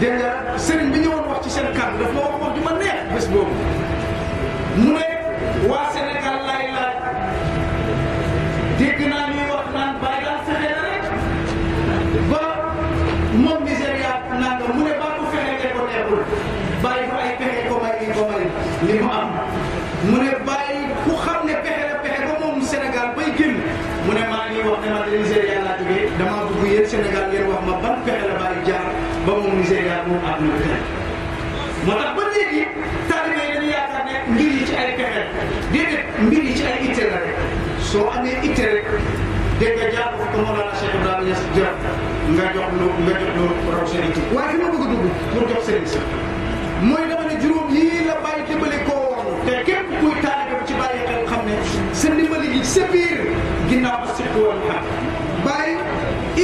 dégg nga sëriñ bi ñëwoon wax ci seen kàddu daf ma wax wax ju ma neex bés boobu moom àdduna bi nekk moo tax ba léegi taalibe yi dañu yaakaar ne mbir yi ci ay pexe déedéet mbir yi ci ay itte la rek soo amee itte rek dégg nga jaar ko Mawlana Cheikh Ibrahima Niass jërëm nga jox lu nga jox lu raw sëriñ si waaye fi ma bëgg a dugg pour jox sëriñ si mooy dama ne juróom yii la bàyyi dimbali koo woon te képp kuy taalibe ci bàyyi xel xam ne sa dimbali gi sa biir ginnaaw ba sëpp woon xam bàyyi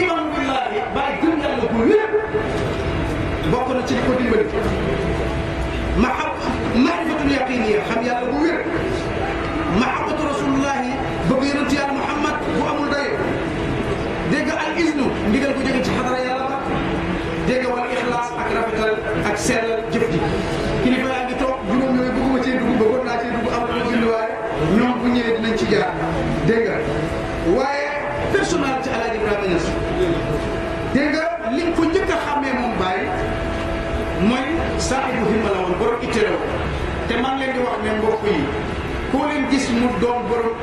imaam billaahi bàyyi gëm yàlla bu lépp bokk na ci li ko dimbali ma xam maarifatul yaqiniya xam yàlla bu wér mahabatu rasulullahi bëgg yonent amul daye dégg al isnu ndigal ko jóge ci xadara yàlla ba dégg wal ixlaas ak rafetal ak sellal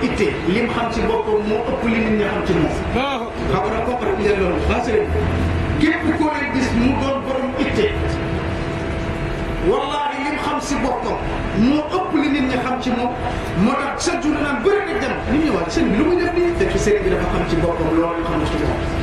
ittee lim xam ci boppam moo ëpp li nit ñi xam ci moom. Ah. xam nga kooku rek njëriñ loolu xaasire képp koo leen gis mu doon borom ittee wallaahi lim xam si boppam moo ëpp li nit ñi xam ci moom moo tax chaque jour naan bëri na dem. li mu ñëwaat sëñ bi lu muy def nii. te sëriñ bi dafa xam ci boppam loolu xam na ci moom.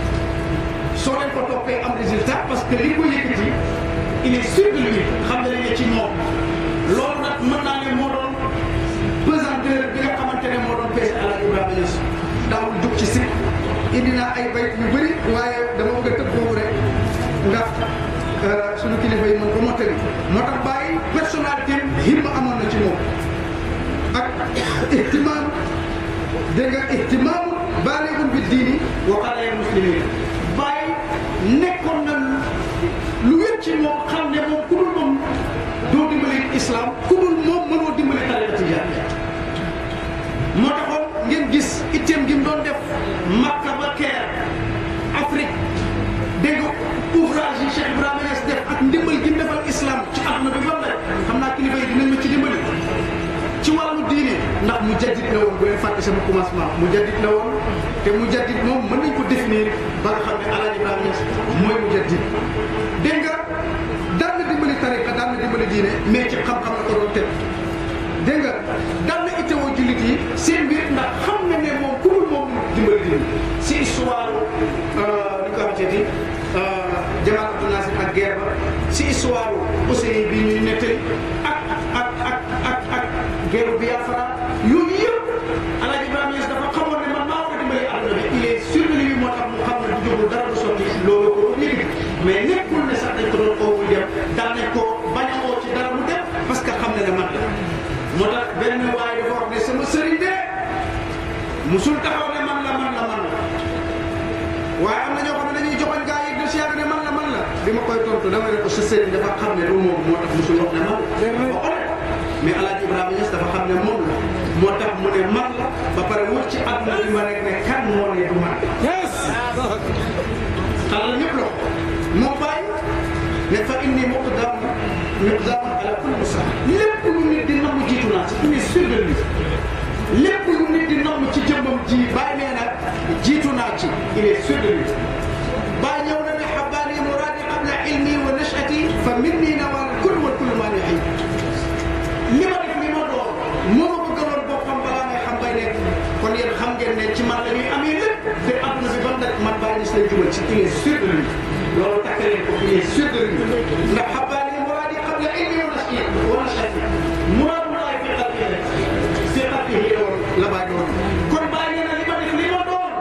yeeg yu bëri waaye dama bëgg a tëb foofu rek ndax euh, suñu kilifa yi mën ko mottali moo tax bàyyi personnalité himma amoon na ci moom ak ihtimaam dégg nga ihtimaam baaleegum bi diini wa xalee muslimin bàyyi nekkoon na lu wér ci moom xam ne moom ku dul moom doo dimbali islam ku dul moom mujaddid la woon booy fàtte sama commencement mujaddid la woon te mujaddid moom mën nañ ko définir ba nga xam ne El Hadj Ibrahima Niass mooy mujaddid dégg nga daan na dimbali tariqa daan na dimbali diine mais ci xam-xam la ko doon teg dégg nga daan na itteewoo jullit yi seen mbir ndax xam na ne moom ku dul moom dimbali diine si histoire lu euh, ko xamante ni euh, Jamal Abdou Nasser ak guerre ba si histoire. koy tontu dama ne ko sa sëriñ dafa xam ne du moom moo tax musul wax ne ma dafa honnête mais El Hadj Ibrahima Niass dafa xam ne moom la moo tax mu ne man la ba pare wut ci àdduna bi ma rek ne kan moo ne du man yes xalal ñëpp la mu bàyyi ne fa indi moo ko daaw ñëpp daaw ala kulli musaab lépp lu nit di nangu jiitu naa ci il est sûr de lui lépp lu nit di nangu ci jëmbam ji bàyyi nee na jiitu naa ci il est sûr de lui lay jubal ci ki est sûr de lui loolu takkalee ko ki est sûr de lui ndax xabaar yi muraad yi xam nga ay yoon na si wala xaj muraad mu laay fiqal ki rek fiqal ki yoon la baa yoon kon baa nee na li ma def li ma doon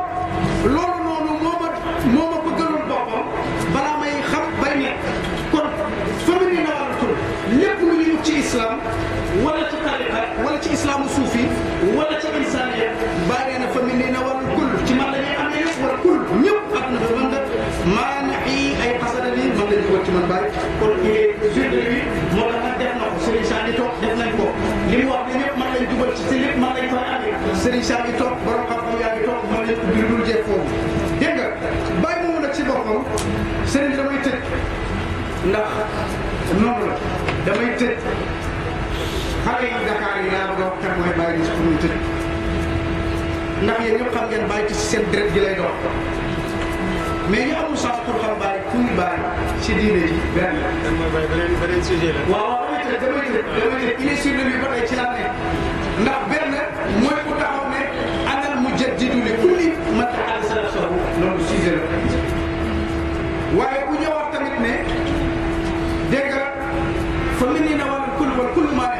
loolu noonu moo ma moo ma bëggaloon boppam balaa may xam bay nekk kon famille na war a tur lépp lu ñu ci islam wala ci tariqa wala ci islamu suufi wala ci insaniya man bàyyi kon firnde bi moo tax nag def na ko Serigne Sall yi toog def nañ ko li mu wax ne lépp mën lañ dugal ci si lépp mën lañ fay amee Serigne Sall yi toog borom xam-xam yaa ngi toog mën leen ubbi dul jeex foofu dégg nga bàyyi moomu nag si boppam Serigne damay tëj ndax noonu la damay tëj xale yi Dakar yi laa bëgg a wax kat mooy bàyyi di si pour muy tëj ndax yéen ñëpp xam ngeen bàyyi ci seen deret gi lay dox mais ñu amul chance pour xam bàyyi pour ñu bàyyi ci diine ji benn. beneen beneen sujet la. waaw waaw damay tëj damay tëj damay tëj il est sur le bi ba tey ci laa nekk ndax benn mooy ku taxaw ne anal mujaddidu li kulli man ahdathahu loolu sujet la. waaye ku ñëwaat tamit ne dégg nga fa nit ñi ne wala kullu wala kullu maa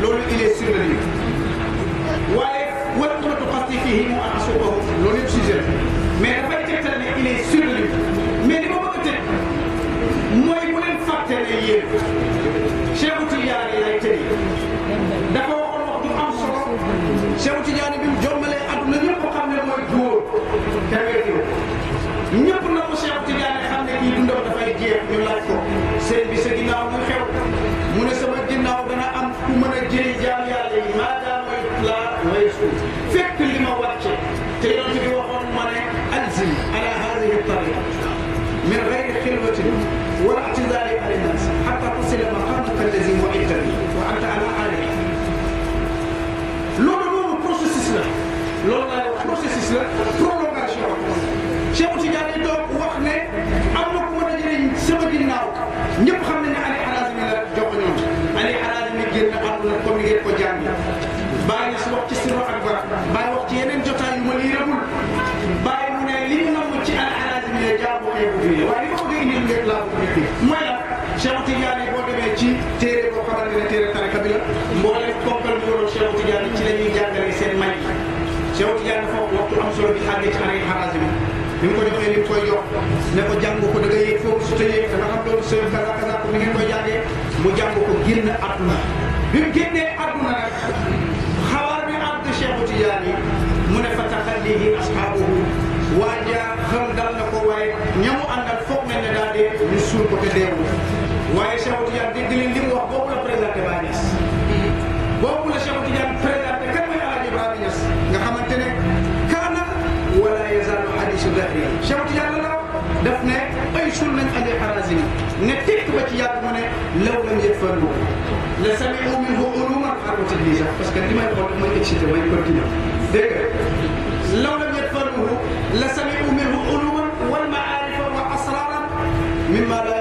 loolu il est sur le bi waaye wala tuuti xas yi fii mu am suubahu loolu yëpp sujet la mais dafay tegtal ne il est sur le bi mais li ma bëgg a tëj. mooy bu leen fàtte ne yéen Cheikh Tidiane lay tëri dafa waxoon wax du am solo mu ñëpp xam ne mooy góor taweti ñëpp na ko Cheikh Tidiane xam ne kii dundam dafay jeex ñu laaj ko seen bi ginnaaw mu mu ne sama ginnaaw dana am ku mën a jëri jaam yàlla yi loolu laa ne processus la prolongation Cheikh Tidiane doog wax ne am na ku mën a jëriñ sama ginnaaw ñëpp xam nañ ne Ali Harazimi la jox ko ñoom Ali Harazimi génn àdduna comme ni ngeen ko jàng bàyyi su wax ci sirru ak bara bàyyi wax ci yeneen jotaay yu ma liiramul bàyyi mu ne li ñu nangu ci Ali Harazimi la jaar bu xeebu fii waaye li ma bëgg a indil ngeen laa ko mooy ne ko jàng ko da nga yëg foofu su tëyee da nga xam loolu sëñ kaza kaza ko ni mu jàng ko génn àdduna bi mu génnee àdduna nag xabaar bi àgg mu ne fa taxallihi asxaabuhu waa ja dal na ko waaye ñamu àndal foog mel ne daal de ñu suul ko te deewul waaye Cheikh Tidiane dégg farlu la sami'u minhu uluman ak tadlisa parce que li may xool mooy excité may continué dégg nga law lam yatfarluhu la sami'u minhu uluman wal ma'arifa wa asraran mimma la